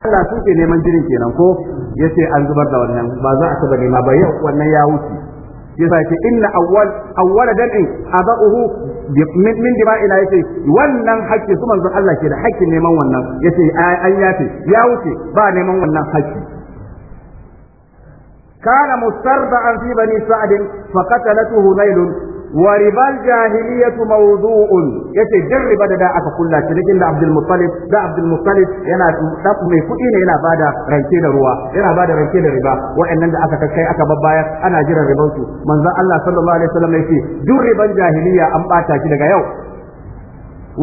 Allah su ke neman jirin kenan ko ya ce an zubar da wannan ba za a taba nema ba yau wannan ya wuce sa ce inna awwal awwala dad'in abahu min min dima ila yace wannan haƙƙi su manzon Allah ke da haƙƙin neman wannan yace an yafe ya wuce ba neman wannan haƙƙi كان مسترضعا في بني سعد فقتلته نيل wa ribal jahiliyatu mawdu'un yace din riba da aka kulla cikin da Abdul Muttalib da Abdul Muttalib yana da mai kuɗi ne yana bada rance da ruwa yana bada rance da riba wa'annan da aka kakkai aka babbaya ana jiran riban su manzon Allah sallallahu alaihi wasallam yace duk riban jahiliya an bata shi daga yau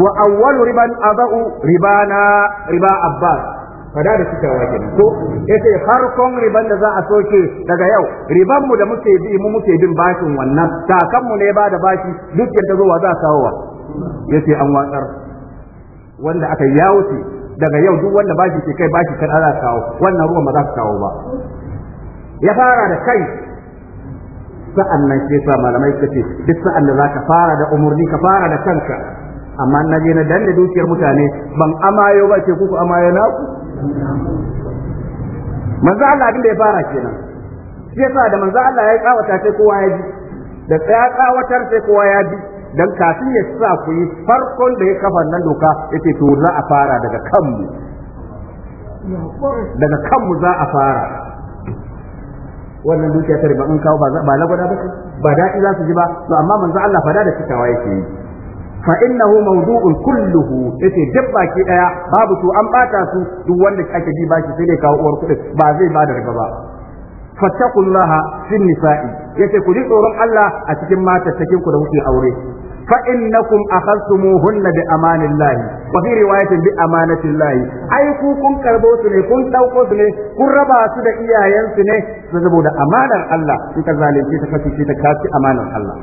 wa awwalu riban aba'u ribana riba abbas kada da cikawa kenan ko yace kon riban da za a soke daga yau riban mu da muke bi mu muke bin bashin wannan kakan mu ne ba da bashi duk yadda zuwa za a kawo wa yace an watsar wanda aka yawo daga yau duk wanda bashi ke kai bashi kan ala kawo wannan ruwan ba za su kawo ba ya fara da kai sa'an nan ke sa malamai suka ce duk sa'an da zaka fara da umurni ka fara da kanka amma na je na danne dukiyar mutane ban amayo ba ce kuku amayo na ku manzo Allah abin da ya fara kenan shi yasa da manzo Allah ya tsawata sai kowa ya ji da ya tsawatar sai kowa ya ji dan kafin ya sa ku yi farkon da ya kafa nan doka yace to za a fara daga kanmu daga kanmu za a fara wannan dukiya ta riba in kawo ba lagwada ba ba daɗi za su ji ba to amma manzo Allah fada da cikawa yake yi fa innahu mawdu'un kulluhu yace duk baki daya babu su an bata su duk wanda ake bi baki sai dai kawo uwar kudi ba zai bada riba ba fattaqullaha fin nisa'i yace ku ji tsoron Allah a cikin matattakin ku da kuke aure fa innakum akhadtumuhunna bi amanillahi wa fi riwayatin bi amanatillahi ai ku kun karbo su ne kun dauko su ne kun raba su da iyayensu ne saboda amanar Allah in ka zalunce ta kace ta kace amanar Allah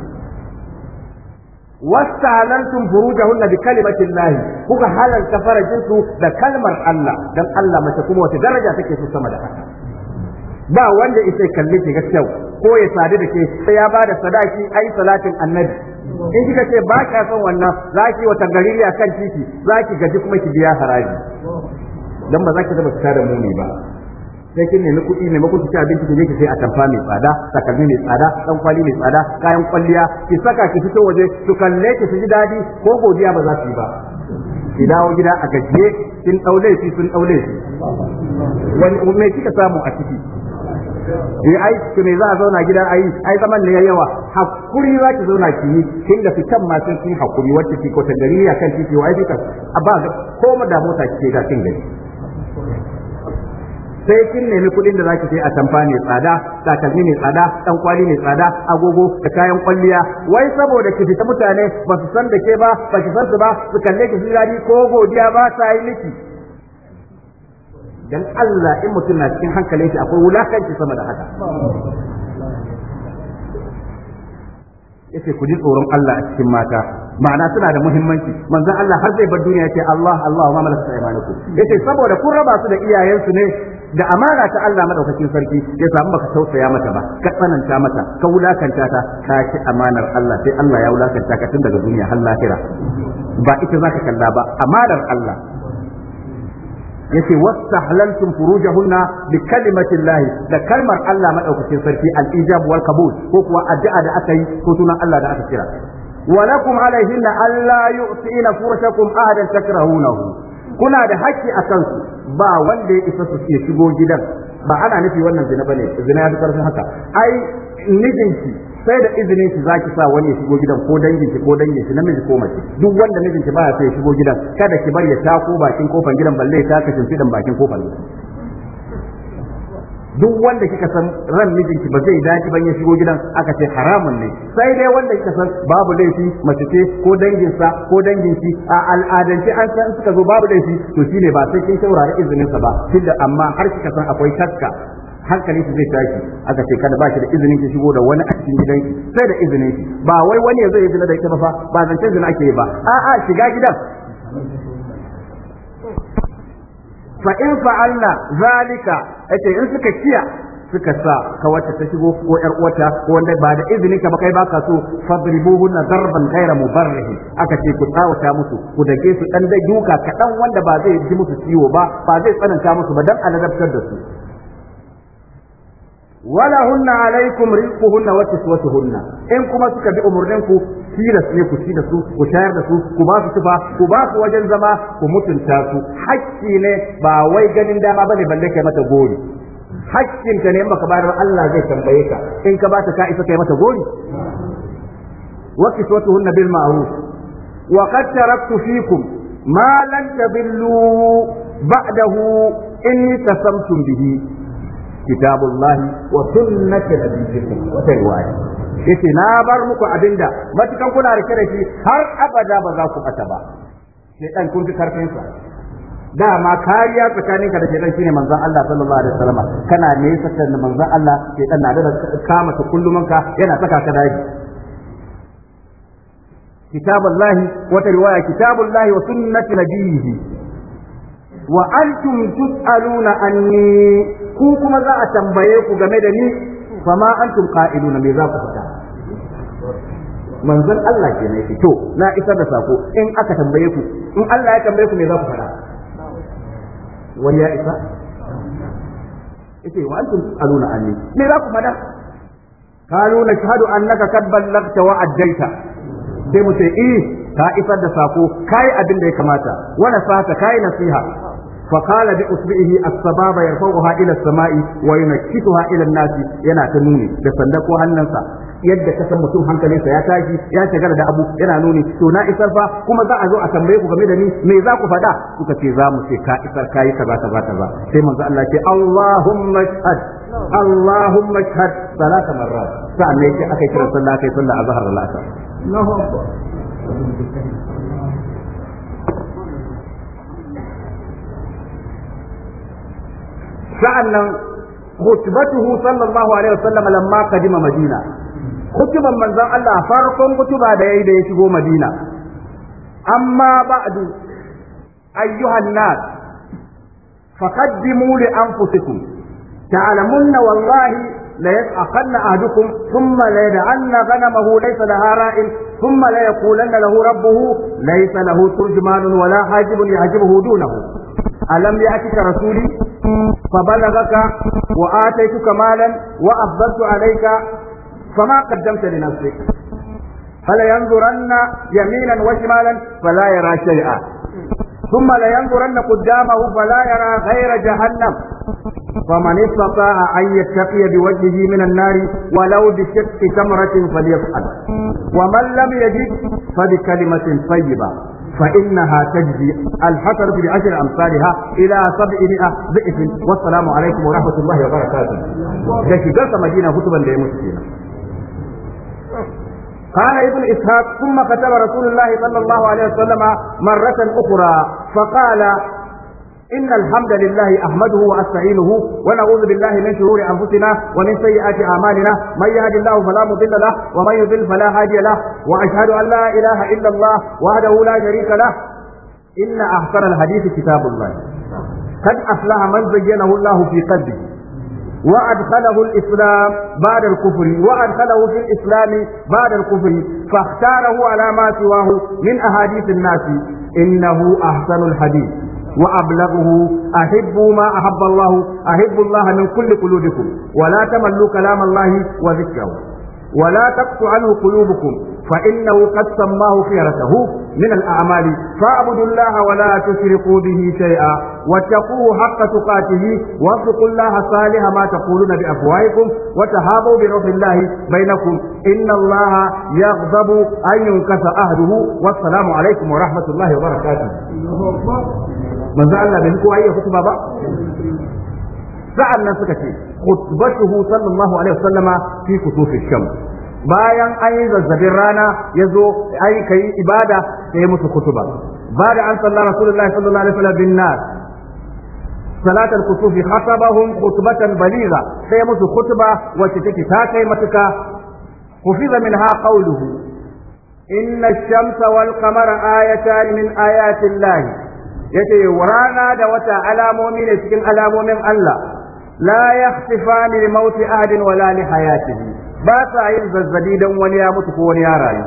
wastalantum furujahunna bi kalimatin lahi kuka halalta farajinsu da kalmar Allah dan Allah mace kuma wata daraja take so sama da haka ba wanda isai kalli ki gaskiya ko ya sadu da ke sai ya bada sadaki ai salatin annabi in kika ce ba ka son wannan zaki wata gariri akan titi zaki gaji kuma ki biya haraji dan ba za ki zama fita da muni ba sai kin nemi kuɗi maimakon ki ci abinci ki je ki sai tamfa mai tsada takalmi mai tsada dan kwali mai tsada kayan kwalliya ki saka ki fito waje su kalle ki su ji dadi ko godiya ba za su yi ba ki dawo gida a gajiye kin daule shi sun daule shi wani me kika samu a ciki ki eh, ai ki me za a zauna gida ai ai zaman ne yawa hakuri za ki zauna ki yi kin da fitan ma sun kin hakuri wacce ki ko ta gari ya kan titi wai a ba ko ma da mota kike da kin gari sai kin nemi kuɗin da zaki sai a tamfa ne tsada takalmi ne tsada dan kwali ne tsada agogo da kayan kwalliya wai saboda ki fita mutane ba su san da ke ba ba ki san su ba su kalle ki su ko godiya ba sa yi miki dan Allah in mutum na cikin hankalin shi akwai wulakanci sama da haka yace ku ji tsoron Allah a cikin mata ma'ana suna da muhimmanci manzon Allah har zai bar duniya yace Allah Allah wa malakat Ya yace saboda kun raba su da iyayensu ne da amana ta Allah madaukakin sarki ya samu baka tausaya mata ba ka tsananta mata ka wulakanta ta ka ci amanar Allah sai Allah ya wulakanta ka tun daga duniya har lahira ba ita zaka kalla ba amanar Allah yace wastahlaltum furujahunna bi kalimati Allah da kalmar Allah madaukakin sarki al-ijab wal kabul ko kuwa addu'a da aka yi ko sunan Allah da aka kira ولكم عليهن ألا يؤتين فرشكم أهدا تكرهونه kuna da haƙƙi a kansu ba wanda ya isa su ke shigo gidan ba ana nufi wannan zina bane zina ya fi karfin haka ai mijinki sai da izinin ki zaki sa wani ya shigo gidan ko dangin ki ko dangin ki namiji ko mace duk wanda mijin ki baya sai ya shigo gidan kada ki bari ya tako bakin kofar gidan balle ya taka shimfidan bakin kofar gidan duk wanda kika san ran mijinki ba zai dace ban ya shigo gidan aka ce haramun ne sai dai wanda kika san babu laifi mace ce ko dangin sa ko dangin ki a al'adance an san suka zo babu laifi to shine ba sai kin saurari izinin sa ba tunda amma har kika san akwai shakka hankali shi zai tashi aka ce kada ba shi da izinin ki shigo da wani a cikin gidanki sai da izinin ki ba wai wani ya zo ya zina da ita ba fa ba zance zina ake yi ba a'a shiga gidan fa in fa'alna zalika ake in suka kiya suka sa ka wacce ta shigo ko yar uwata ko wanda ba da izinin ka ba kai baka so fadribuhunna darban ghayra mubarrih aka ce ku tsawata musu ku dage su dan da duka dan wanda ba zai ji musu ciwo ba ba zai tsananta musu ba dan aladabtar da su wala hunna alaikum rizquhunna wa kiswatuhunna in kuma suka bi umurnin ku tilas ne ku ci da su ku shayar da su ku ba su tufa ku ba su wajen zama ku mutunta su hakki ne ba wai ganin dama bane balle kai mata gori hakkin ka ne in baka bayar Allah zai tambaye ka in ka ba ta ka isa kai mata gori wa kiswatuhunna bil ma'ruf wa qad taraktu fikum ma lan tadillu ba'dahu inni tasamtum bihi kitabullahi wa sunnati nabiyikum wata riwaya yace na bar muku abinda matukan kuna rike da shi har abada ba za ku bata ba sai dan kun ji karfin sa dama kariya tsakanin ka da shaitan shine manzon Allah sallallahu alaihi wasallam kana ne sakar da manzon Allah shaitan na da kama ta ka yana saka ka dai kitabullahi wata riwaya kitabullahi wa sunnati nabiyihi wa antum tus'aluna anni ku kuma za a tambaye ku game da ni ma antum qa'iluna me za ku fita. manzon Allah ke ne to na isar da sako in aka tambaye ku in Allah ya tambaye ku me za ku fada wani ya isa yace wa antum aluna anni me za ku fada kalu nashhadu annaka kad ballaghta wa addaita sai mu sai eh ka isar da sako kai abin da ya kamata wala fata kai nasiha فقال بأصبعه السبابة يرفعها إلى السماء وينكسها إلى الناس ينا تنوني ko هننسى yadda ka san mutum sa ya tashi ya shagala da abu yana nuni to na isar fa kuma za a zo a tambaye ku game da ni me za ku faɗa kuka ce za mu ce ka isar kayi kaza ta ba sai manzo Allah ce Allahumma shahad Allahumma shahad salata marrat sa'an ne aka kira sallah kai sallah azhar da la'asar sa’an nan hutubatuhu sallallahu alaihi wasallam lamma kadima madina hukuman manzon Allah farkon kutuba da yayi ya shigo madina amma ba'du ayyuhan nas faqaddimu li anfusikum ta'lamunna wallahi la yaqanna ahdukum thumma la yad'anna ghanamahu laysa laha ra'in thumma la yaqulanna lahu rabbuhu laysa lahu turjmanun wala hajibun yajibuhu dunahu alam yakika rasuli فبلغك وآتيتك مالا وأفضلت عليك فما قدمت لنفسك فلينظرن يمينا وشمالا فلا يرى شيئا ثم لينظرن قدامه فلا يرى غير جهنم فمن استطاع أن يتقي بوجهه من النار ولو بشق تمرة فليفعل ومن لم يجد فبكلمة طيبة فإنها تجزي الحسنة بعشر أمثالها إلى سبعمائة ضعف والسلام عليكم ورحمة الله وبركاته ده شجرة مدينة كتبا لمسكينة قال ابن إسحاق ثم كتب رسول الله صلى الله عليه وسلم مرة أخرى فقال إن الحمد لله أحمده وأستعينه ونعوذ بالله من شرور أنفسنا ومن سيئات أعمالنا من يهد الله فلا مضل له ومن يضل فلا هادي له وأشهد أن لا إله إلا الله وحده لا شريك له إن أحسن الحديث كتاب الله قد أفلح من زينه الله في قلبه وأدخله الإسلام بعد الكفر وأدخله في الإسلام بعد الكفر فاختاره على ما سواه من أحاديث الناس إنه أحسن الحديث وأبلغه أحبوا ما أحب الله أحبوا الله من كل قلوبكم ولا تملوا كلام الله وذكره ولا تقطع عنه قلوبكم فإنه قد سماه خيرته من الأعمال فاعبدوا الله ولا تشركوا به شيئا واتقوه حق تقاته واتقوا الله صالح ما تقولون بأفواهكم وتهابوا بروح الله بينكم إن الله يغضب أن ينكث أهله والسلام عليكم ورحمة الله وبركاته manzo Allah bai kowa iya hutuba ba sa'annan suka ce khutbatuhu sallallahu alaihi wasallama fi kutufi shams bayan an yi zazzabin rana ya zo ai kai ibada sai musu kutuba bada an sallallahu rasulullahi sallallahu alaihi wasallam bin nas khutbatan baliga, sai musu بليغة سيمت خطبة ta kai matuka. حفظ منها قوله إن الشمس والقمر آيتان من آيات الله yace rana da wata alamomi ne cikin alamomin Allah la yakhsifani li mauti ahadin wala li hayatihi ba sa yin zazzabi dan wani ya mutu ko wani ya rayu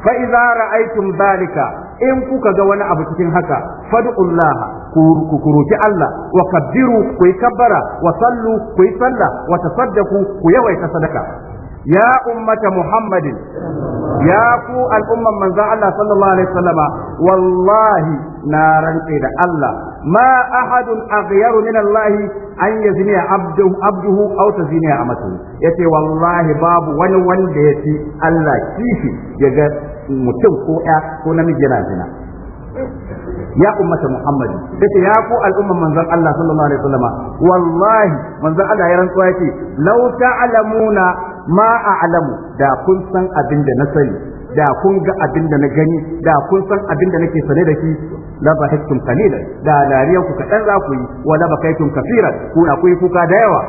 fa idza ra'aytum zalika in kuka ga wani abu cikin haka fad'ullaha ku kuruki Allah wa kabbiru ku kabbara wa sallu ku sallah, salla wa tasaddaku ku yawaita sadaka ya ummata muhammadin ya ku al'umman manzon Allah sallallahu alaihi wasallama wallahi na rantse da Allah ma ahadun aghyaru min Allah an yazni abduhu abduhu aw tazini amatu yace wallahi babu wani wanda yace Allah kishi daga mutum ko ya ko namiji yana zina ya ummata muhammadi yace ya ku al'umman manzon Allah sallallahu alaihi wasallama wallahi manzon Allah ya rantsuwa yace law ta'lamuna ma a'lamu da kun san abin da na sani da kun ga abin da na gani da kun san abin da nake sane da shi la bahittum qalilan da dariyan ku kadan za ku yi wa la bakaitum kaseeran kuna ku yi kuka da yawa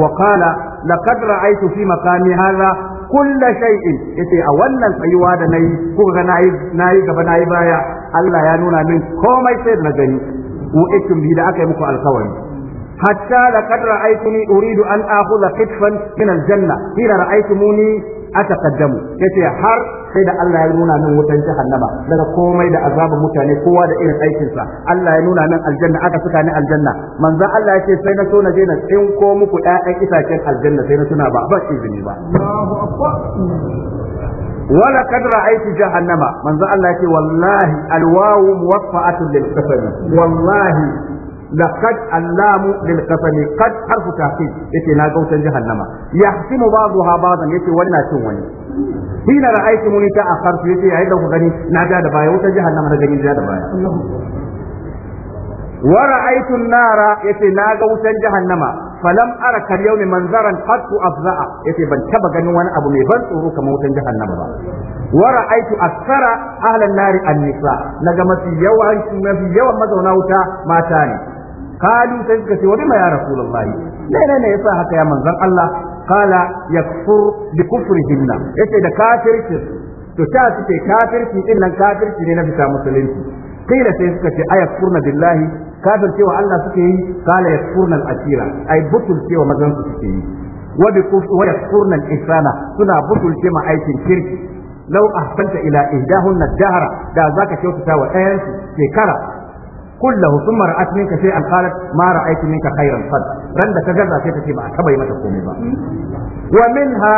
wa qala laqad ra'aytu fi maqami hadha kulla shay'in yace a wannan tsayuwa da nayi kuka ga nayi nayi gaba nayi baya Allah ya nuna min komai sai na gani ko ikum bi da aka yi muku alkawari حتى لقد رأيتني أريد أن آخذ قطفا من الجنة حين رأيتموني أتقدم يتي حر sai da Allah ya nuna min wutan jahannama daga komai da azabin mutane kowa da irin aikinsa Allah ya nuna min aljanna aka suka ni aljanna manzon Allah ya ce sai na so na je na tsinko muku ɗayan itacen aljanna sai na tuna ba ba izini ba wala kad ra'aytu jahannama manzon Allah ya ce wallahi alwawu muwaffa'atun lil wallahi لقد اللام للقسم قد حرف تحقيق يتي نا قوتن جهنم يحسم بعضها بعضا يتي ولا تون حين رأيتموني تأخرت يتي عيدا غني ناجا دبايا وتن جهنم رجعين جا دبايا ورأيت النار يتي نا قوتن جهنم فلم أرى كاليوم منظرا قد أفزع يتي بن تبا غني وانا أبو ميفان تروك موتن جهنم با ورأيت أكثر أهل النار النساء نجمت يوم في يوم مزونا وتا ماتاني kalu sai suka ce wani ma ya rasulullahi ne ne ne yasa haka ya manzan Allah kala yakfur bi kufrihinna yace da kafirci to ta suke kafirci din nan ne na fita musulunci kila sai suka ce ayakfurna billahi kafir cewa Allah suke yi kala yakfurna al-asira ai butul cewa mazan su suke yi wa bi wa yakfurna al-ihsana suna butul cewa aikin kirki لو أحسنت إلى إهداهن الدهر kyautata wa شوتتا وآيانس شكرا Kulla thumma ra'at minka shay'an qalat ma ra'aytu minka khayran qad ran ka kagarra sai tace ba a taba yi mata komai ba wa minha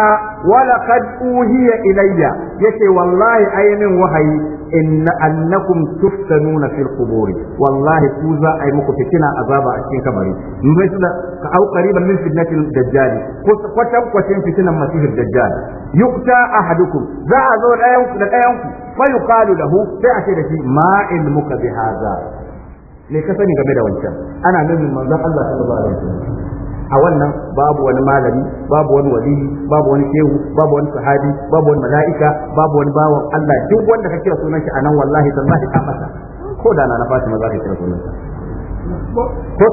wa laqad uhiya ilayya yace wallahi ayyamin wahayi inna annakum tuftanuna fil quburi wallahi ku za a yi muku fitina azaba a cikin kabari misla ka au qariban min fitnatil dajjal kwatan kwatin fitinan masihir dajjal yukta ahadukum za a zo da ɗayan ku fa yuqalu lahu sai a ce da shi ma ilmuka bi haza. me ka sani game da wancan ana nufin manzon Allah sallallahu alaihi wasallam a wannan babu wani malami babu wani wali babu wani shehu babu wani sahabi babu wani mala'ika babu wani bawan Allah duk wanda ka kira sunan shi anan wallahi tallahi ka masa ko da na Fatima za ka kira sunan sa ko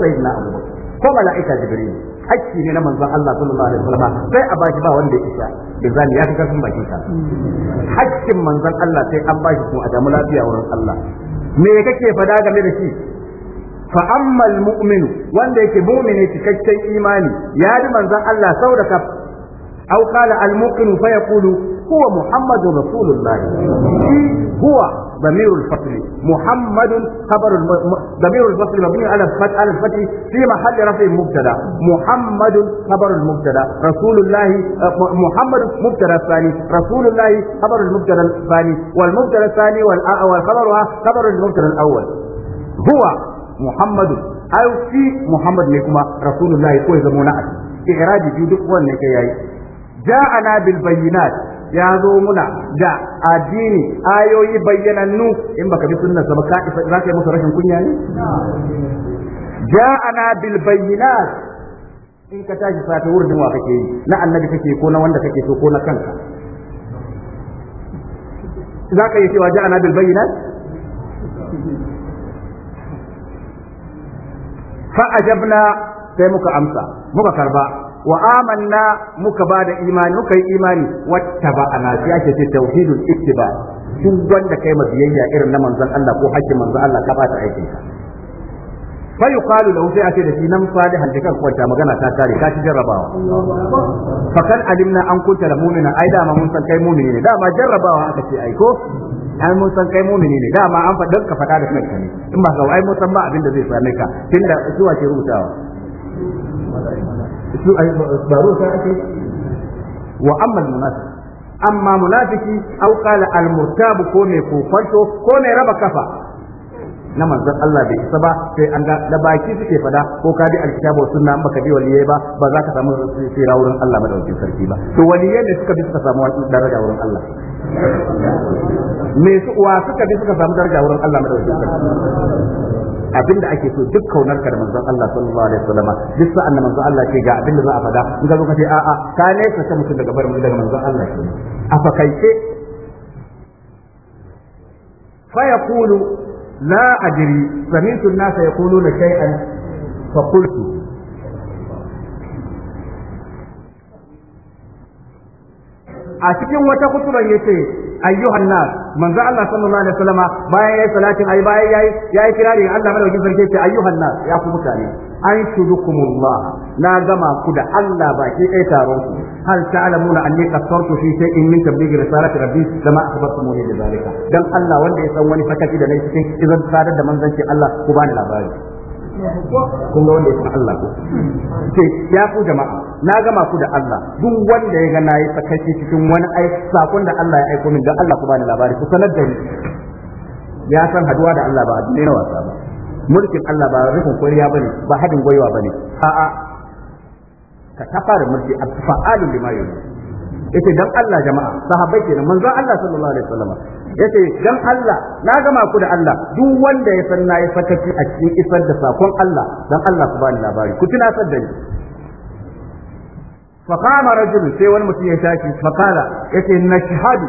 sayyidina Abu ko mala'ika Jibril hakki ne na manzon Allah sallallahu alaihi wasallam sai a bashi ba wanda ya isa da ya fi karfin bakin ka hakkin manzon Allah sai an bashi ko a damu lafiya wurin Allah me kake fada game da shi fa ammal wanda yake mu'mini cikakken imani ya ji manzon Allah saudaka au qala al mu'minu fa yaqulu huwa muhammadur rasulullah huwa damirul fatli muhammadun khabar damirul fatli mabni al fatli fi mahall rafi mubtada muhammadun al mubtada rasulullah eh, muhammad mubtada thani rasulullah khabar al mubtada thani wal mubtada thani wal a wal khabaru khabar al mubtada al awwal huwa muhammadu ai muhammad ne kuma rasulullahi ko ya zama na iraji biyu duk wannan ke yayi ja'ana bil bayyinat ya zo muna da addini ayoyi bayyanannu in baka bi sunnar ba ka za ka yi masa rashin kunya ne ja'ana bil bayyinat in ka tashi sata wurin wa kake yi na annabi kake ko na wanda kake ko na kanka za ka yi cewa ja'ana bil bayyinat Fa'ajabna sai muka amsa muka karba wa amanna muka ba da imani muka yi imani wattaba ana shi ake ce tauhidul ittiba duk wanda kai ma biyayya irin na manzon Allah ko hakkin manzon Allah ka ba ta aikin ka fa yuqalu lahu sai ace da shi nan salihan da kan kwanta magana ta tare ka ci jarrabawa fa kan alimna an kunta la mu'mina ai da ma mun san kai mu'mini da ma jarrabawa aka ce ai ai mun san kai mu'mini ne da ma an faɗa ka faɗa da kanka ne in ba ai mun san ba ka zuwa ke amma munafiki au qala ko mai kokonto ko mai raba kafa na manzon Allah bai isa ba sai an ga da baki suke fada ko ka bi alkitabu sunna baka bi waliyai ba ba za ka samu tsira wurin Allah wajen sarki ba to waliyai ne suka bi suka samu wani daraja wurin Allah me su wa suka bi suka samu daraja wurin Allah wajen sarki abin da ake so duk kaunar ka da manzon Allah sallallahu alaihi wasallam duk sa'an da manzon Allah ke ga abin da za a fada in ka zo ka ce a'a ka ne ka ta mutum daga barin daga manzon Allah ke a fakaice fa yaqulu لا أدري سمعت الناس يقولون شيئا فقلت a cikin wata kutuban yace ayyuhan nas manzo Allah sallallahu alaihi wasallama bayan yayi salatin ai bayan yayi yayi kirari Allah madaukakin sarki yace ayyuhan nas ya fi mutane an shudukumullah na gama ku da Allah baki ɗaya taron ku hal ta'lamuna anni qasartu fi shay'in min tablighi risalati rabbi kama akhbartumuni bi zalika dan Allah wanda ya san wani fakaki da nan cikin idan sadar da manzanci Allah ku bani labari kun ga wanda ya san Allah ko ce ya ku jama'a na gama ku da Allah duk wanda ya ga nayi fakaki cikin wani ai sakon da Allah ya aiko min dan Allah ku bani labari ku sanar da ni ya san haduwa da Allah ba a duniya wasa ba mulkin Allah ba rufin kwariya bane ba hadin gwaiwa bane a'a ka da mulki fa'alun lima Ya yace dan Allah jama'a sahabbai kenan manzo Allah sallallahu alaihi wasallam yace dan Allah na gama ku da Allah duk wanda ya san na yi sakaci a cikin isar da sakon Allah dan Allah ku bani labari ku san da ni فقام رجل سي وني متي يا شاكي فقال يتي نشهد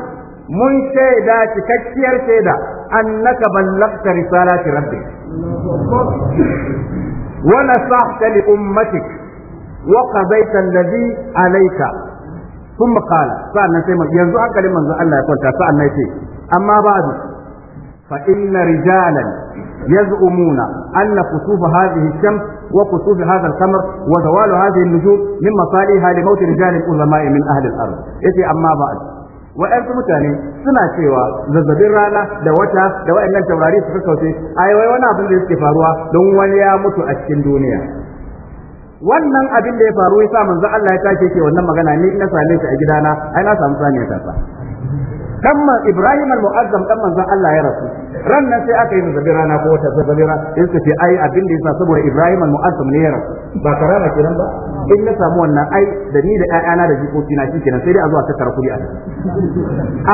mun shaida cikakkiyar shaida annaka ballagta risalati rabbi wa nasahta li ummatik wa qadaita alladhi alayka kuma qala sa'annan sai mun yanzu hankalin manzo Allah ya kwanta sa'annan sai amma ba'du fa inna rijalan yaz'umuna anna kusuf hadhihi shams وقصوف هذا القمر وزوال هذه النجوم من مصالحها لموت رجال العلماء من اهل الارض. إيه اما بعد wa'yansu mutane suna cewa zazzabin rana da wata da wayannan taurari su kauce a wai wani abin da yake faruwa don wani ya mutu a cikin duniya wannan abin da ya faru ya sa manzo Allah ya tashi ke wannan magana ni ina same shi a gidana ai na samu saniya kasa dan man Ibrahim al-Mu'azzam dan manzon Allah ya rasu ran nan sai aka yi zabira rana ko wata rana. in ce ai abin da yasa saboda Ibrahim al-Mu'azzam ne ya rasu ba karama kiran ba in na samu wannan ai da ni da ƴaƴana da jikoki na kenan sai dai a zuwa tattara kudi a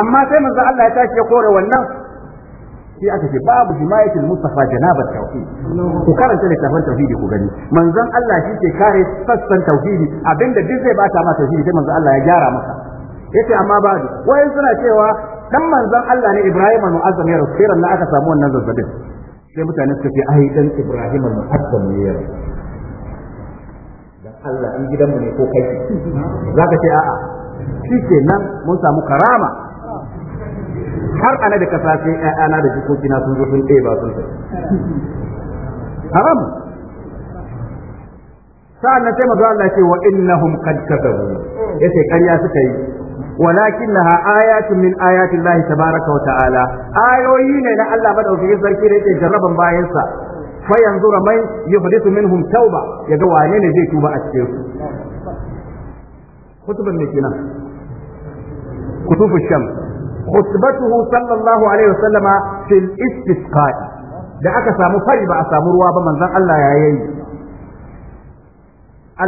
amma sai manzon Allah ya tashi ya kore wannan sai aka ce babu himayatul mustafa janabat tauhid ku karanta littafin tauhidi ku gani manzon Allah shi ke kare sassan tauhidi abinda duk zai bata ma tauhidi sai manzon Allah ya gyara maka yace amma ba wai suna cewa dan manzon Allah ne Ibrahim al-Mu'azzam ya rasu ran aka samu wannan zazzabin sai mutane suka ce ai dan Ibrahim al-Mu'azzam ne ya dan Allah in gidanmu ne ko kai zaka ce a'a shi nan mun samu karama har ana da kasa sai ana da jikokina sun zo sun ba sun haram sa'an nan sai mazu Allah ce wa innahum qad kadabu yace ƙarya suka yi walakinnaha ayatun min ayatillahi ta tabaraka wa ta'ala ayoyi ne na Allah madaukakin sarki da yake jarraban bayansa fa yanzura man yuhdithu minhum tauba yaga wane ne zai tuba a cikin su khutban ne kenan kutufu sham khutbatuhu sallallahu alaihi wasallama fil istisqa da aka samu fari ba a samu ruwa ba manzon Allah yayi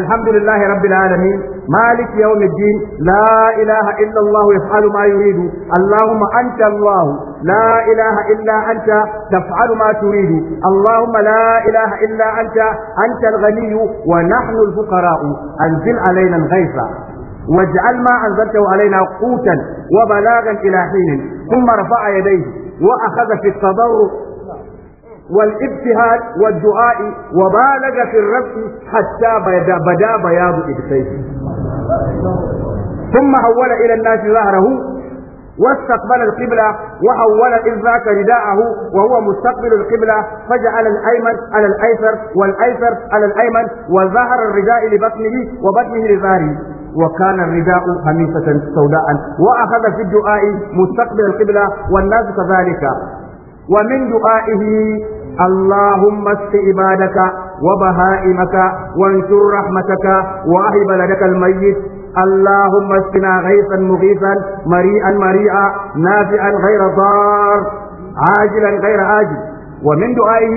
الحمد لله رب العالمين مالك يوم الدين لا إله إلا الله يفعل ما يريد اللهم أنت الله لا إله إلا أنت تفعل ما تريد اللهم لا إله إلا أنت أنت الغني ونحن الفقراء أنزل علينا الغيث واجعل ما أنزلته علينا قوتا وبلاغا إلى حين ثم رفع يديه وأخذ في التضرع والابتهاد والدعاء وبالغ في الرفع حتى بدا, بدا بياض إبسيه ثم حول إلى الناس ظهره واستقبل القبلة وحول إذ ذاك رداءه وهو مستقبل القبلة فجعل الأيمن على الأيسر والأيسر على الأيمن وظهر الرداء لبطنه وبطنه لظهره وكان الرداء خميسة سوداء وأخذ في الدعاء مستقبل القبلة والناس كذلك ومن دعائه اللهم اسق عبادك وبهائمك وانشر رحمتك واهب بلدك الميت اللهم اسقنا غيثا مغيثا مريئا مريئا نافعا غير ضار عاجلا غير عاجل ومن دعائه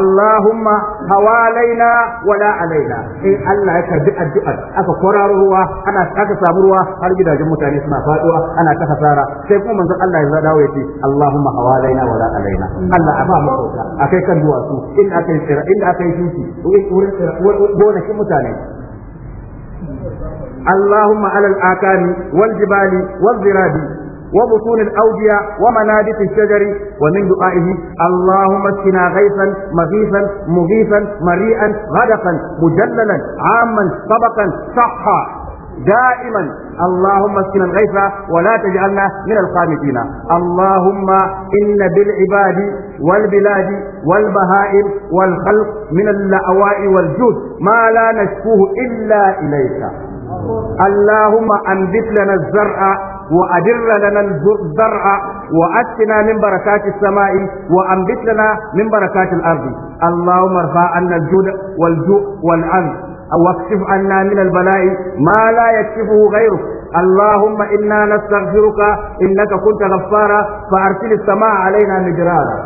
اللهم حوالينا ولا علينا إن الله يكرد الدعاء أكا قراروا أنا أكا سابروا هل جدا جمو تاني اسمع فاتوا أنا أكا خسارة سيكون من الله يزاد ويتي اللهم حوالينا ولا علينا الله أبا مقوتا أكا كان دواسو إن أكا يسرع إن أكا يسوسي وإن شمو تاني اللهم على الآكام والجبال والذراب وبطون الأودية ومنادق الشجر ومن دعائه اللهم اسقنا غيثا مغيثا مغيثا مريئا غدقا مجللا عاما طبقا صحا دائما اللهم اسقنا الغيث ولا تجعلنا من القانتين اللهم ان بالعباد والبلاد والبهائم والخلق من اللأواء والجود ما لا نشكوه الا اليك اللهم انبت لنا الزرع وأدر لنا الزرع وأتنا من بركات السماء وأنبت لنا من بركات الأرض اللهم ارفع عنا الجود والجوع والعن واكشف عنا من البلاء ما لا يكشفه غيرك اللهم إنا نستغفرك إنك كنت غفارا فأرسل السماء علينا مدرارا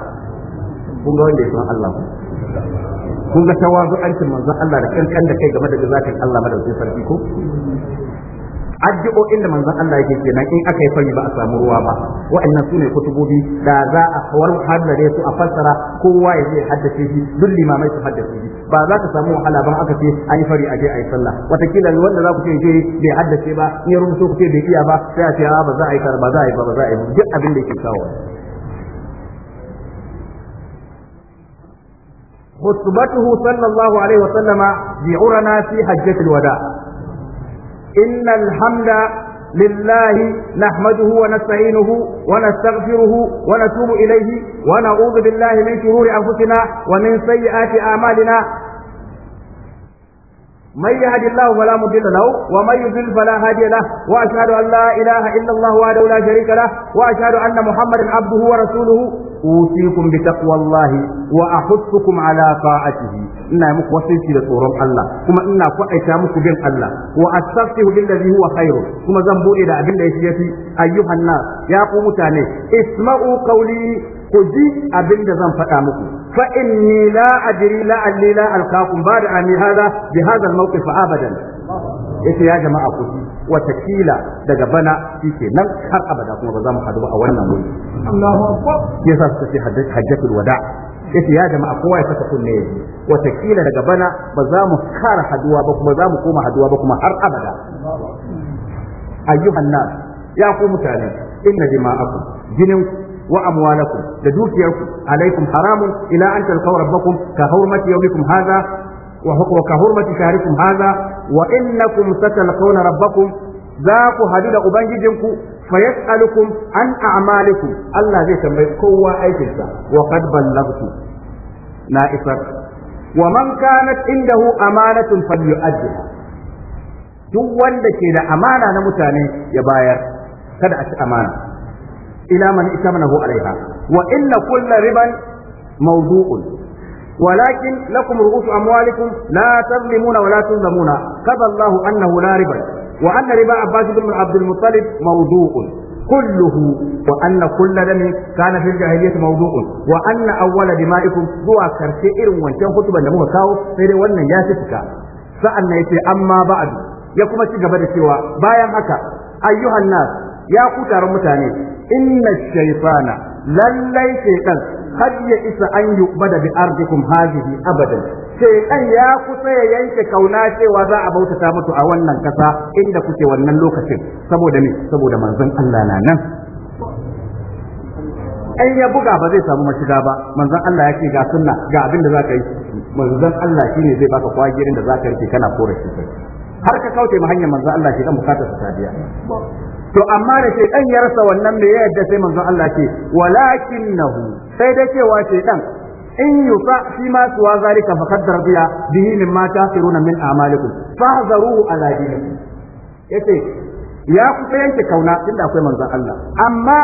kun ga wanda ya san Allah kun ga tawazu'ancin manzon Allah da kankan da kai game da jazakin Allah madaukakin sarki ko addu'o'in da manzon Allah yake kenan in aka yi fari ba a samu ruwa ba wa'annan sune kutubobi da za a kawar haddare su a fassara kowa ya je haddace shi duk limamai su haddace shi ba za ka samu wahala ba aka ce an yi fari a je a yi sallah watakila wanda za ku ce je bai haddace ba in ya rubuto ku ce bai iya ba sai a ce ah, ba za a yi ba za a yi ba ba za a yi duk abin da yake kawo خطبته صلى الله عليه وسلم بعرنا في حجة الوداع إن الحمد لله نحمده ونستعينه ونستغفره ونتوب إليه ونعوذ بالله من شرور أنفسنا ومن سيئات أعمالنا من يهد الله فلا مضل له ومن يضلل فلا هادي له واشهد ان لا اله الا الله وحده لا شريك له واشهد ان محمدا عبده ورسوله أوصيكم بتقوى الله وأحثكم على طاعته إنا مك وصيتي لصورم الله كما إنا قعيتا مك بين الله وأستفتح بالذي هو خير كما ذنبوا إلى أبن ليسيتي أيها الناس يا قوم تاني اسمعوا قولي كجي أبن ذنب فأمكم فإني لا أدري لعلي لا ألقاكم بعد عامي هذا بهذا الموقف أبدا إيه يا جماعة كجي watakila daga bana ke nan har abada kuma ba za mu hadu ba a wannan wuri Allahu akbar yasa suka ce hajjatul wada yace ya jama'a kowa ya saka kunne ya watakila daga bana ba za mu kara haduwa ba kuma za mu koma haduwa ba kuma har abada ayyuhan nas ya ku mutane inna dima'akum jinin وأموالكم لدوكيكم عليكم حرام إلى baku, تلقوا ربكم كحرمة يومكم هذا وحكم كهرمة شهركم هذا وإنكم ستلقون ربكم ذاك هدد أبنجيكم فيسألكم عن أعمالكم الله زي تنبي قوة أي وقد بلغت نائفا ومن كانت عنده أمانة فليؤدها duk wanda ke da amana na mutane ya bayar kada a ci amana ila man itamanahu alaiha wa inna kulla riban mawdu'un ولكن لكم رؤوس أموالكم لا تظلمون ولا تظلمون قضى الله أنه لا ربا وأن ربا عباس بن عبد المطلب موضوع كله وأن كل دم كان في الجاهلية موضوع وأن أول دمائكم هو كرسئر وانتين خطبا لموها كاو سيري وانا ياسفك فأنا يتي أما بعد يكما تجب سوى بايا حكا أيها الناس يا قتار متاني إن الشيطان للي شيطان har ya isa an bada bi ardikum hadhihi abadan sai ɗan ya kusa ya yanke kauna cewa za a bautata mutu a wannan kasa inda kuke wannan lokacin saboda me saboda manzon Allah na nan An ya buga ba zai samu mashiga ba manzon Allah ya ce ga sunna ga abin da zaka yi manzon Allah shine zai baka kwagirin da zaka rike kana kore shi har ka kauce ma hanyar manzon Allah shi dan bukatar ta biya to amma da ce dan ya rasa wannan me ya yadda sai manzon Allah ce walakinahu sai da cewa ce dan in yusa fi ma suwa zalika faqad biya bihi ma tasiruna min a'malikum fahzaruhu ala dinikum yace ya kusa yanke kauna tunda akwai manzon Allah amma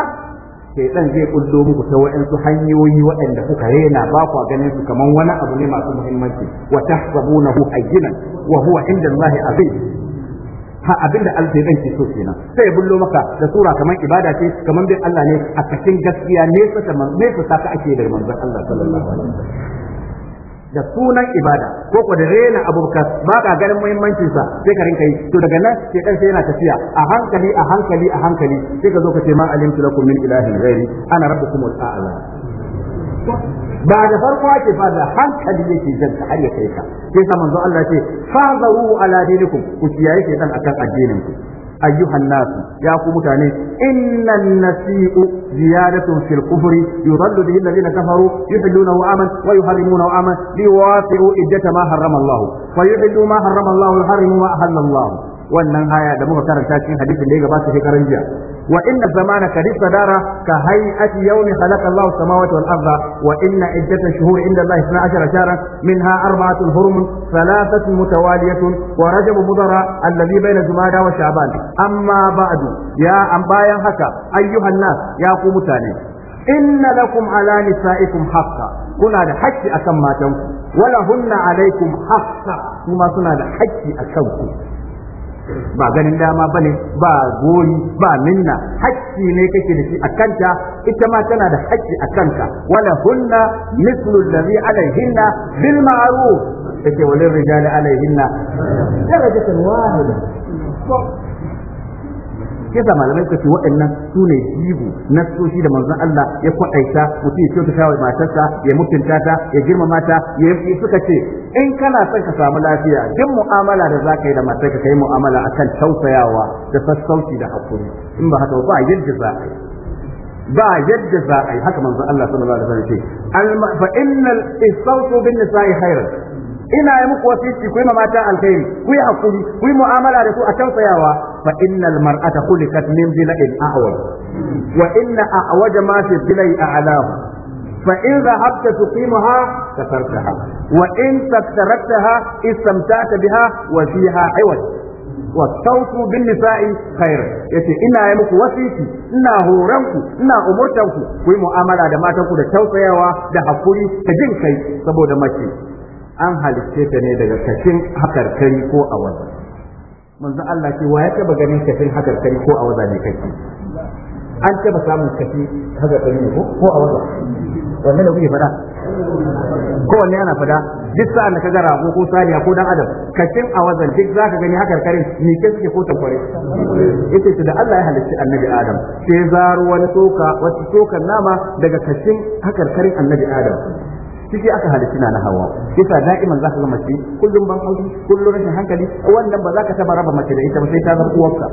shaitan zai kullo muku ta waɗansu hanyoyi waɗanda suka rena ba ku ganin su kaman wani abu ne masu muhimmanci wa hu, a wa huwa inda Allah ha abinda zan ke so kenan sai bullo maka da sura kamar ibada ce kamar bin Allah ne a cikin gaskiya ne ta ne ta ake da manzon Allah sallallahu alaihi da sunan ibada ko ko da rena abubakar ba ka ganin muhimmancin sa sai ka rinka yi to daga nan sai dan sai yana tafiya a hankali a hankali a hankali sai ka zo ka ce ma alimtu lakum min ilahin ghairi ana rabbukum al-a'la ba da farko ake ba da hankali yake jan ka har ya kai ka sai sa manzo Allah ce fazaru ala dinikum ku kiyaye ke dan akan addinin ku ayyuhan nas ya ku mutane innan nasi'u ziyadatun fil kufri yudallu bihi alladhina kafaru yuhillunahu aman wa yuharrimunahu aman liwafi'u iddata ma harrama Allah fa yuhillu ma harrama Allah wa yuharrimu ma ahalla Allah wannan aya da muka karanta cikin hadisin da ya gabata shekaran jiya وإن الزمان قد استدار كهيئة يوم خلق الله السماوات والأرض وإن عدة الشهور عند الله 12 شهرا منها أربعة هرم ثلاثة متوالية ورجب مضر الذي بين زمادى وشعبان أما بعد يا أنبايا هكا أيها الناس يا قوم إن لكم على نسائكم حقا كنا لحج أكم ما تنكم ولهن عليكم حقا ثم كنا لحج أكمكم ba ganin dama bane ba goyi ba minna hakki ne kake da shi a kanta ita ma tana da hakki a kanta wala hunna mislu allazi alaihinna bil ma'ruf take walin rijali alaihinna darajatan wahida yasa malamai suka ce waɗannan su ne jigo na soshi da manzon Allah ya kwaɗaita mutum ya kyautata wa matarsa ya mutunta ta ya girmama ta ya suka ce in kana son ka samu lafiya duk mu'amala da zaka yi da matarka kai mu'amala akan tausayawa da sassauci da hakuri in ba haka ba yadda za a yi ba yadda za a yi haka manzo Allah sallallahu alaihi wasallam ce fa innal istawtu bin nisa'i khairan ina yi muku wasiti ku yi mata alkhairi ku yi hakuri ku yi mu'amala da su a tausayawa fa innal mar'ata khuliqat min dila'in a'waj wa inna a'waja ma fi dila'i a'lahu فإن ذهبت تقيمها كسرتها وإن تكسرتها استمتعت بها وفيها عوج والصوت بالنساء خير yace ina yi muku wasiki ina horanku ina umurtanku ku yi mu'amala da matanku da tausayawa da hakuri da jin kai saboda mace an halicce ta ne daga kashin hakarkari ko a wajen manzo Allah ce wa ya taba ganin kafin hakar kai ko a waza ne kake an taba samun kafi hakar kai ne ko a waza wanne ne kuke fada ko wanne yana fada duk sa'an da ka ga rago ko saniya ko dan adam kafin a wazan duk zaka gani hakar kare ni ke suke ko tankware yace da Allah ya halicci annabi Adam sai zaro wani soka wata sokan nama daga kashin hakar kare annabi Adam ciki aka halitta na hawa kisa da'iman za ga mace kullum ban haushi kullum rashin hankali wannan ba za ka taba raba mace da ita ba sai ta zama uwarka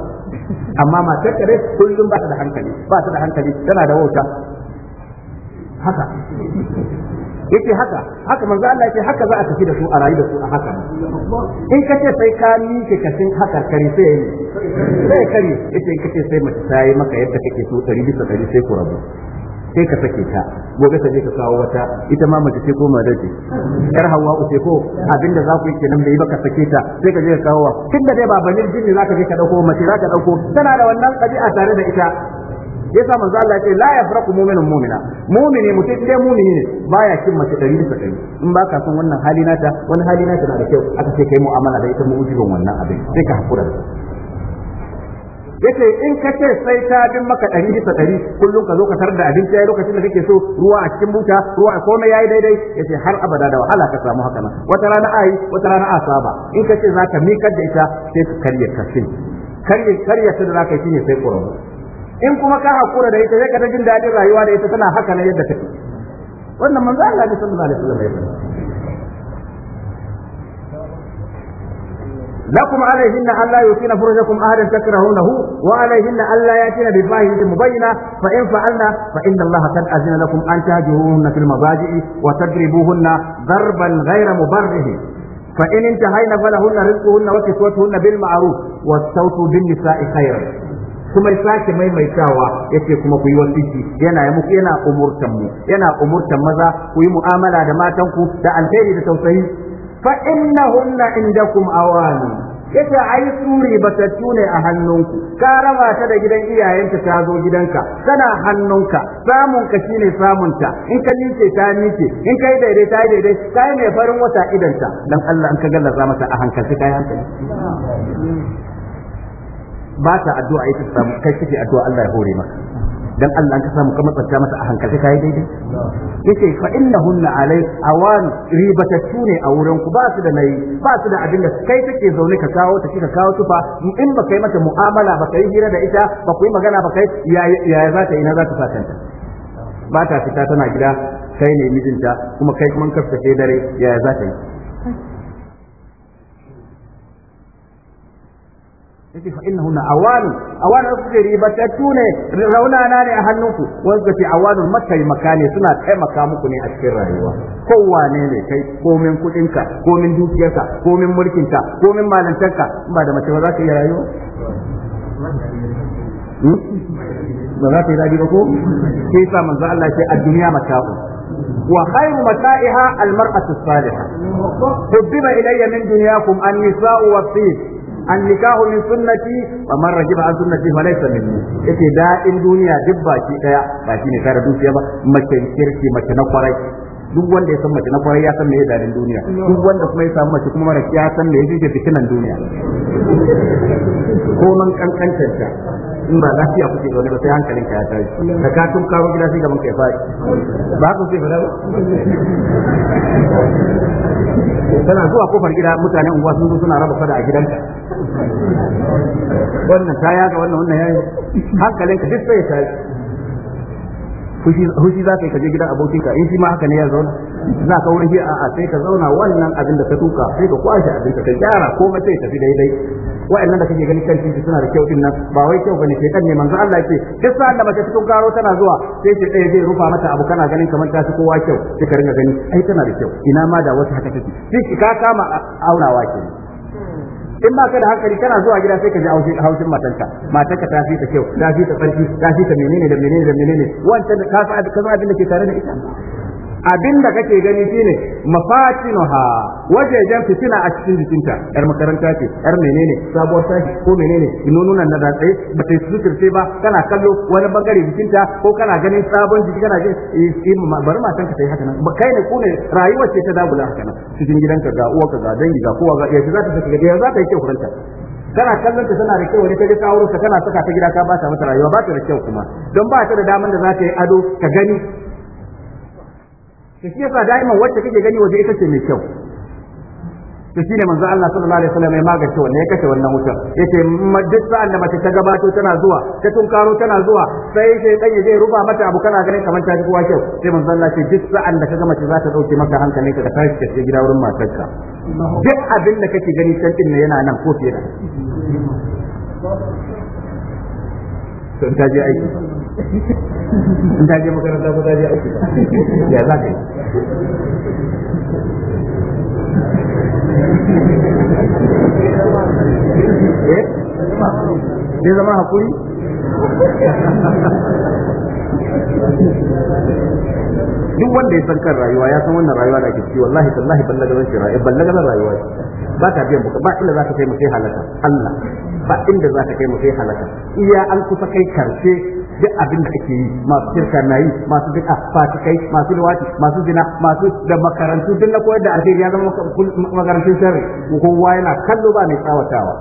amma matar ka dai kullum ba ta da hankali ba ta da hankali tana da wauta haka yake haka haka manzo Allah yake haka za a tafi da su a rayu da su a haka in ka ce sai ka miƙe ka sun haka kare sai yayi sai kare yake in ka ce sai mace ta yi maka yadda kake so dari bisa sai ku rabu sai ka sake ta gobe ka je ka kawo wata ita ma mace ce ko madar yar hawa ce ko abinda za ku yi kenan bai baka sake ta sai ka je ka kawo tun da dai ba banin jini za ka je ka dauko mace za ka dauko tana da wannan ɗabi'a tare da ita yasa manzo Allah ya ce la yafraqu mu'minun mu'mina mu'mini mutum dai mu'mini ne baya kin mace dari da in ba ka son wannan hali nata wani hali nata na da kyau aka ce kai mu'amala da ita mu wannan abin sai ka hakura yace in ka ce sai ta bin maka ɗari bisa ɗari kullum ka zo ka tarar da abinci yayi lokacin da kake so ruwa a cikin buta ruwa komai yayi daidai yace har abada da wahala ka samu haka nan wata rana ayi wata rana a saba in ka ce za ka mikar da ita sai ka karya kafin karya karya ta da za ka yi shine sai ƙoramu in kuma ka hakura da ita sai ka ta jin daɗin rayuwa da ita tana haka nan yadda take wannan manzo Allah ne sallallahu alaihi wasallam ya لكم عليهن ألا يؤتين فرجكم أهدا تكرهونه وعليهن ألا يأتين بفاحشة مبينة فإن فعلنا فإن الله قد أذن لكم أن تهجروهن في المضاجع وتضربوهن ضربا غير مبرح فإن انتهينا فلهن رزقهن وكسوتهن بالمعروف والصوت بالنساء خير kuma sake maimaitawa yace kuma ku yi wasiki yana muku yana umurtan mu yana umurtan maza ku yi mu'amala da matan ku da alheri da tausayi fa innahunna indakum awani yace ai suri ta tune a hannunku ka raba ta da gidan iyayenta ta zo gidanka tana hannunka samun ka shine samunta in ka nice ta nice in kai daidai ta daidai ta mai farin wata idanta dan Allah an ka gallaza mata a hankali kai hankali ba ta addu'a ita samu kai kike addu'a Allah ya hore maka dan Allah ka samu ka matsanta masa a hankali kai daidai yace fa innahunna alai awan ribatatu ne a wurin ku ba su da nayi ba su da abin da kai take zaune ka kawo ta kika kawo tufa in ba kai mata mu'amala ba kai hira da ita ba ku yi magana ba kai yaya za ta ina za ta fatanta ba ta fita tana gida kai ne mijinta kuma kai kuma kafta dare yaya za ta yi yace fa innahunna awanu awanu suke ribatattu ne raunana ne a hannunku wanda ce awanu mataimaka ne suna taimaka muku ne a cikin rayuwa kowane ne kai komin kudinka komin dukiyarka komin mulkinka komin malantarka in ba da mace ba za ka yi rayuwa hmm? ba za ta yi daɗi ba ko ke sa manzo Allah ce a duniya mata'u وخير متاعها المرأة الصالحة حبب إلي من دنياكم النساء والطيب النكاح من سنتي ومن رجب عن سنتي فليس مني yace daɗin duniya دنيا baki كي ba باكي tare dukiya ba mace kirki mace na kwarai duk wanda ya san mace na kwarai ya san me daɗin duniya duk wanda kuma ya samu mace kuma mara ya san me yake fitinan duniya ko man kankantanta in ba lafiya kuke zaune ba sai hankalin ka ya tashi da ka tun kawo gida sai gaban ka ya faɗi ba ku sai fada ba Tana zuwa kofar gida mutanen unguwa sun zo suna raba fada a gidanka wannan ta yaga wannan wannan yayi hankalin ka duk sai ya tashi fushi za ka yi kaje gidan abokinka in shi ma haka ne ya zauna za ka wurin a a sai ka zauna wannan abin da ka tuka sai ka kwashe abin ka gyara ko ba sai tafi daidai wa'annan da kake ganin kanki suna da kyau din nan ba wai kyau bane kan ne manzo Allah yake duk sa da mace cikin garo tana zuwa sai ce ɗaya zai rufa mata abu kana ganin kamar ta ci kowa kyau sai ka ringa gani ai tana da kyau ina ma da wata haka take sai ka kama aurawa kenan in ba ka da hankali kana zuwa gida sai ka ji haushin haushin matanka matanka ta fi ta kyau ta fi ta tsarki ta fi ta menene da menene da menene wancan ka fa ka abin da ke tare da ita abin da kake gani shine mafatinuha wajejen fitina a cikin jikinta yar makaranta ce yar menene sabuwar sashi ko menene nonunan na datse ba ta suturce ba kana kallo wani bangare jikinta ko kana ganin sabon jiki kana jin eh, eh, bari matan ka yi haka nan kai ne ko ne rayuwar ce ta dagula haka nan cikin gidanka ga uwarka ga dangi ga kowa ga yaji za ta saka ga za ta yi kyau ta kana kallon ta tana da kyau ne ga kawo ka kana saka ta gida ka ba ta mata rayuwa ba ta da kyau kuma don ba ta da daman da za ta yi ado ka gani to shi yasa daima wacce kake gani waje ita ce mai kyau to shine manzo Allah sallallahu alaihi wasallam ya magace wannan ya kashe wannan wutar yace duk sa'an da mace ta gabato tana zuwa ta tunkaro tana zuwa sai sai dan yaje rufa mata abu kana ganin kamar ta ji kowa kyau sai manzo Allah ce duk sa'an da kaga mace za ta dauke maka hankalinka ka tashi ka je gida wurin matarka duk abin da kake gani can din yana nan ko fiye da ta je aiki in ta je makaranta ko ta je aiki ya za ka yi eh? zai zama hakuri duk wanda ya san kan rayuwa ya san wannan rayuwa da ake ciki wallahi tallahi ballagaran shi rayuwa ballagaran rayuwa ba ka biyan buka ba inda za ka kai mu kai halaka Allah ba inda za ka kai mu kai halaka iya an kusa kai karshe duk abin da ake yi masu shirka na yi masu bid'a masu luwaci masu zina masu da makarantu duk na koyar da alheri ya zama makarantun shari kowa yana kallo ba mai tsawatawa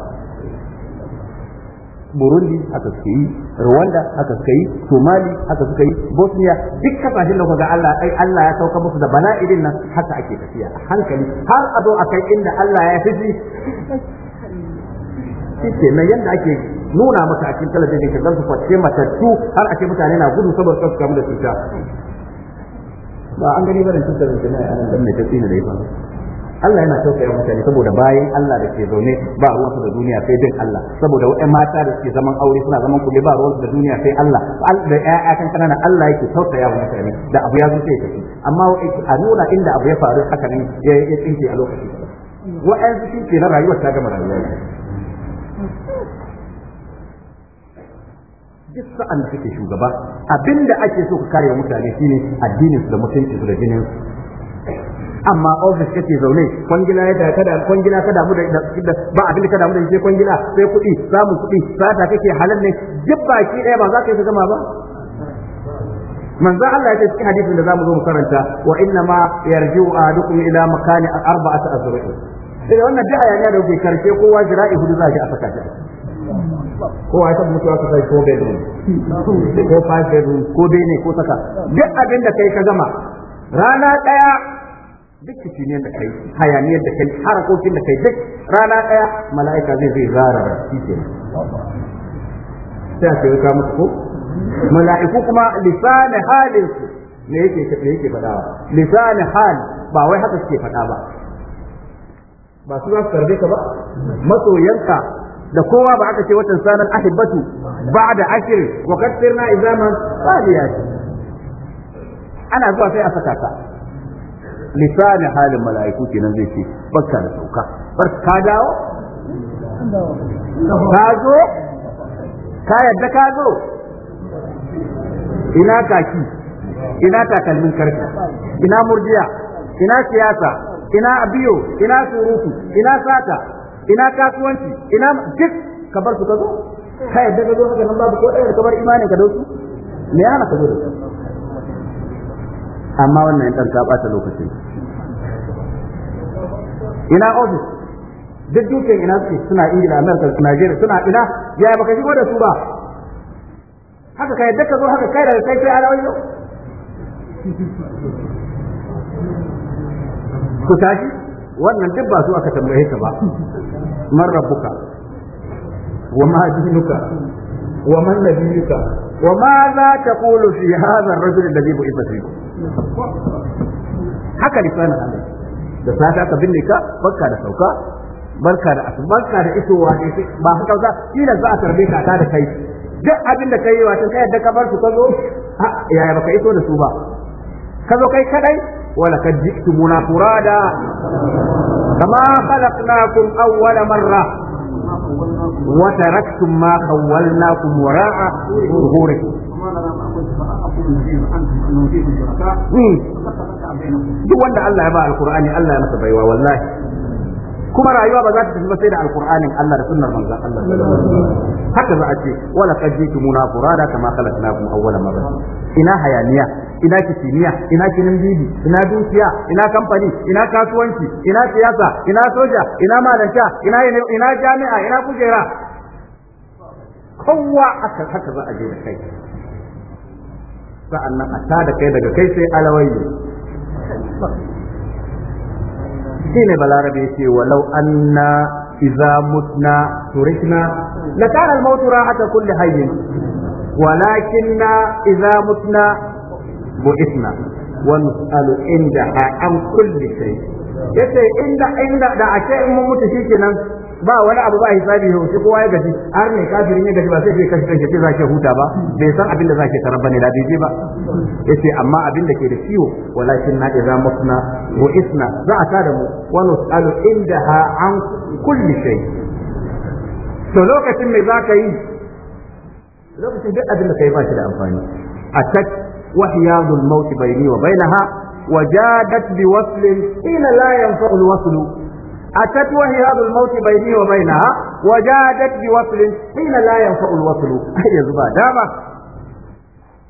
Burundi haka suka yi Rwanda haka suka yi Somali haka suka yi Bosnia duk kasashen da ga Allah ai Allah ya sauka musu da bala'i din nan haka ake tafiya a hankali har a zo a kai inda Allah ya fi shi nan yanda ake nuna maka a cikin talabijin ka gansu kwace matattu har a ce mutane na gudu saboda kansu kamar da cuta ba an gani barin cutar da jama'a a nan dan mai tafi ne da ya Allah yana tausaya mutane saboda bayan Allah da ke zaune ba ruwansu da duniya sai bin Allah saboda wa'yan mata da suke zaman aure suna zaman kulle ba ruwansu da duniya sai Allah da ƴaƴa kan kanana Allah yake tausaya wa mutane da abu ya zuce tafi amma a nuna inda abu ya faru haka ne ya tsinke a lokaci wa'ai su ke na rayuwar ta gama rayuwa duk sa'an da suke shugaba abinda ake so ka kare wa mutane ne addinin su da mutunci su da jinin su amma ofis kake zaune kwangila ya da kada kwangila ka damu da ba abin da ka damu da shi kwangila sai kuɗi samun kuɗi sata kake halal ne duk baki ɗaya ba za ka yi ka gama ba manzo Allah ya ce cikin hadisin da zamu zo mu karanta wa inna ma yarji'u ahadukum ila makani arba'ati azra'i sai wannan duk ayanya da kuke karshe kowa jira'i hudu za a saka ko ya ta mutuwa ta sai ko bedroom ko five bedroom ko bene ko saka duk abin da kai ka gama rana ɗaya duk kiciniyar da kai hayaniyar da kai harakokin da kai duk rana ɗaya mala'ika zai zai zara shi ke sai a ka mutu ko mala'iku kuma lisan halin su ne yake kaɗe yake fadawa lisan hal ba wai haka suke faɗa ba ba su za su karbe ka ba masoyanka da kowa ba aka ce watan sanan ahibatu ba'da ashir wa qad sirna izaman fadiyat ana zuwa sai a saka ta lisan halin mala'iku kenan zai ce barka da sauka barka dawo ka zo ka yadda ka zo ina kaki ina takalmin karfi ina murjiya ina siyasa ina abiyo ina surutu ina sata ina kasuwanci ina duk ka bar su ka zo ka yadda ka haka nan babu ko ɗaya da ka bar imanin ka dauki me yana ka zo da amma wannan yan ka ɓata lokacin ina ofis duk dukkan ina suke suna ingila amerika najeriya suna ina ya baka shigo da su ba haka kai da ka zo haka kai da kai sai alawai yau ku tashi wannan duk ba su aka tambaye ka ba من ربك وما دينك dinuka نبيك man nabiyuka wa ma za taqulu fi hadha ar-rajul alladhi haka da sata aka binne ka barka da sauka barka da asu barka da isowa ne ba haka za kila za a tarbe ka ta da kai duk abin da kai wato kai da ka bar su ka zo yaya baka iso da su ba ka zo kai kadai wala kad jitumuna furada kama khalaqnakum awwala marra wa taraktum ma khawwalnakum wara'a zuhurikum duk wanda Allah ya ba alqur'ani Allah ya masa baiwa wallahi kuma rayuwa ba za ta tafi ba sai da alqur'anin Allah da sunnar manzon Allah haka za a ce wala qad kama marra ina hayaniya ina kimiyya ina kinin bibi ina dukiya ina kamfani ina kasuwanci ina siyasa ina soja ina malanta ina ina jami'a ina kujera kowa aka haka za a je da kai sa'annan a ta da kai daga kai sai alawai shi ne balarabe ce walau anna iza mutna turishna la kana al-mautu rahata kulli hayyin walakinna iza mutna bu'ithna wa nus'alu indaha an kulli shay yace inda inda da a ce in mun mutu shikenan ba wani abu ba hisabi ne shi kowa ya gaji har ne kafirin ya gaji ba sai kashi kashi sai zake huta ba bai san abin da zake tarar bane da bai ba yace amma abin da ke da ciwo walakin na idza mutna wa isna za a tada mu wa nusalu indaha an kulli shay to lokacin me zaka yi lokacin duk abin da kai ba shi da amfani a وحياد الموت بيني وبينها وجادت بوصل حين لا ينفع الوصل أتت وحياد الموت بيني وبينها وجادت بوصل حين لا ينفع الوصل أي زبا داما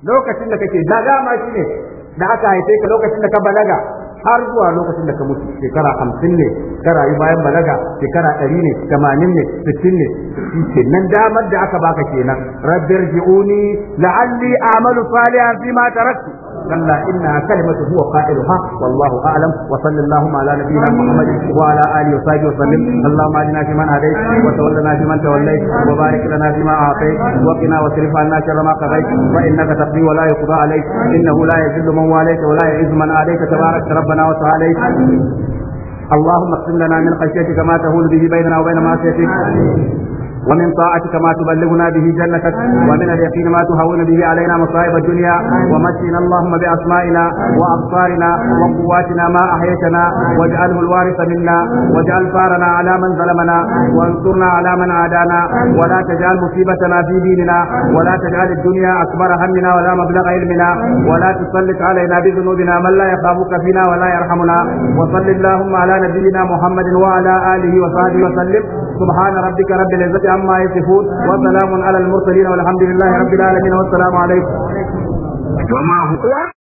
لو كتنك kake داما شنك shine da aka haife ka lokacin da ka balaga har zuwa lokacin da ka mutu shekara hamsin ne ka rayu bayan balaga shekara ɗari ne tamanin ne sittin ne nan damar da aka baka kenan rabbir ji'uni la'alli a'malu salihan fi ma taraktu كلا إنها كلمة هو قائلها والله أعلم وصلى اللهم على نبينا محمد وعلى آله وصحبه وسلم اللهم أجنا فيمن هديت وتولنا فيمن توليت وبارك لنا فيما أعطيت وقنا واصرف عنا شر ما قضيت فإنك تقضي ولا يقضى عليك إنه لا يذل من واليت ولا يعز من عليك تبارك ربنا وتعاليت اللهم اقسم لنا من خشيتك ما تهون به بيننا وبين معصيتك ومن طاعتك ما تبلغنا به جنتك ومن اليقين ما تهون به علينا مصائب الدنيا ومسنا اللهم بأسمائنا وأبصارنا وقواتنا ما أحيتنا واجعله الوارث منا واجعل فارنا على من ظلمنا وانصرنا على من عادانا ولا تجعل مصيبتنا في ديننا ولا تجعل الدنيا أكبر همنا ولا مبلغ علمنا ولا تسلط علينا بذنوبنا من لا يخافك فينا ولا يرحمنا وصل اللهم على نبينا محمد وعلى آله وصحبه وسلم سبحان ربك رب العزة عما يصفون وسلام على المرسلين والحمد لله رب العالمين والسلام عليكم وما هو